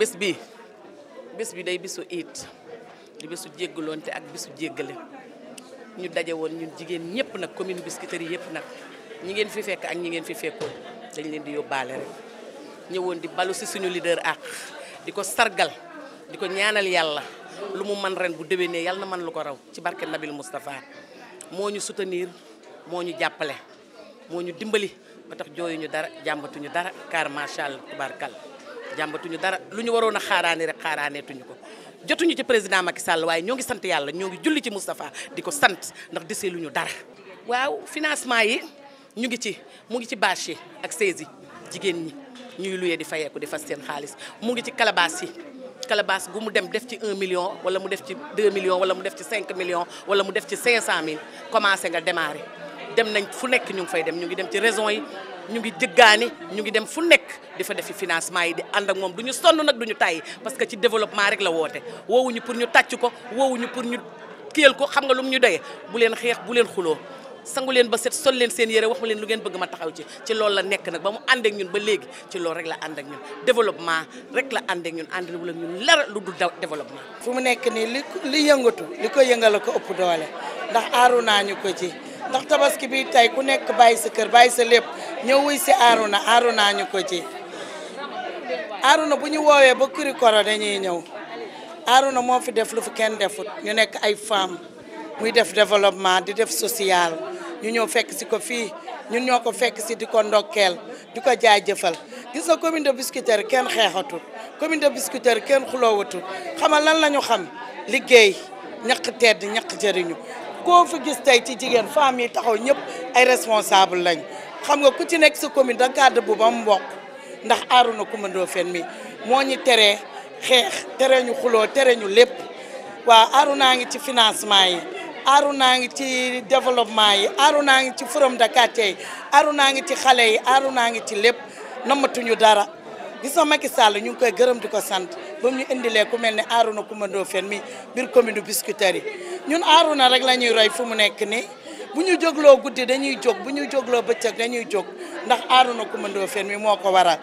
bés bi bés bi day bésu iit di bésu jéggaloonte ak bésu jéggale ñu daje woon ñun jigéen ñëpp nag commune Biscuiterie yëpp nag ñi ngeen fi fekk ak ñi ngeen fi fekkoon dañ leen di yóbbaale rek ñëwoon di balu si suñu leader ak di ko sargal di ko ñaanal yàlla lu mu man ren bu déwénee yàlla na man lu ko raw ci barke Nabil Moustapha moo ñu soutenir moo ñu jàppale moo ñu dimbali ba tax jooyuñu dara jàmbatuñu dara car macha allah tubaarkal jàmbatuñu dara lu ñu waroon a xaaraane rek xaaraaneetuñu ko jotuñu ci président Macky Sall waaye ñoo ngi sant yàlla ñoo ngi julli ci Moustapha di ko sant ndax desee lu ñu dara waaw financement yi ñu ngi ci mu ngi ci bâche yi ak saisi jigéen ñi ñuy luye di fayeeku di fas seen xaalis mu ngi ci calebasse yi calebasse gu mu dem def ci un million wala mu def ci 2 million wala mu def ci 5 millions wala mu def ci 500000 commencé nga démarrer dem nañ fu nekk ñu ngi fay dem yi ñu ngi jëggaani ñu ngi dem fu nekk di fa defi financement yi di ànd moom du ñu sonn nag du ñu tàyyi parce que ci développement rek la woote woowuñu pour ñu tàcc ko woowuñu pour ñu kiyal ko xam nga lu mu ñu doyee bu leen xeex bu leen xuloo sangu leen ba set sol leen seen yére wax leen lu ngeen bëgg ma taxaw ci ci loolu la nekk nag ba mu ànd ak ñun ba léegi ci loolu rek la ànd ak ñun développement rek la ànd ak ñun ànd wala ñun lara lu dul développement. fu mu nekk nii li li yëngatu yëngal ko ëpp ndax tabaski bii tey ku nekk bàyyi sa kër bàyyi sa lépp ñëw wuy si aaruna aaruna ñu ko ji aaruna bu ñu woowee ba kuri koro dañuy ñëw aaruna moo fi def lu fi kenn defut ñu nekk ay femme muy def développement di def social ñu ñëw fekk si ko fii ñun ñoo ko fekk si di ko ndokkeel di ko jaajëfal gis nga commune de Biscuiterie kenn xeexatul commune de Biscuiterie kenn xuloowatul xamal lan la ñu xam liggéey ñaq tedd ñaq jëriñu koo fi gis tey ci jigéen femmes yi taxaw ñëpp ay responsable lañ xam nga ku ci nekk sa commune da nga bu ba mu ndax aaru na Coumba Ndoffène mi moo ñu teree xeex tere ñu xuloo tere ñu lépp waaw aaru naa ngi ci financement yi aaru naa ngi ci développement yi aaru naa ngi ci forum de quartier yi aaru naa ngi ci xale yi aaru naa ngi ci lépp namatuñu dara gis nga Macky Sall ñu ngi koy gërëm di ko sant ba ñu indilee ku mel ni aaru na Coumba Ndoffène mi biir commune Biscuiterie yi ñun Arouna rek la ñuy roy fu mu nekk ni bu ñu jógloo guddi dañuy jóg bu ñu jógloo bëccëg dañuy jóg ndax Arouna mëndoo Ndoffène mi moo ko waral.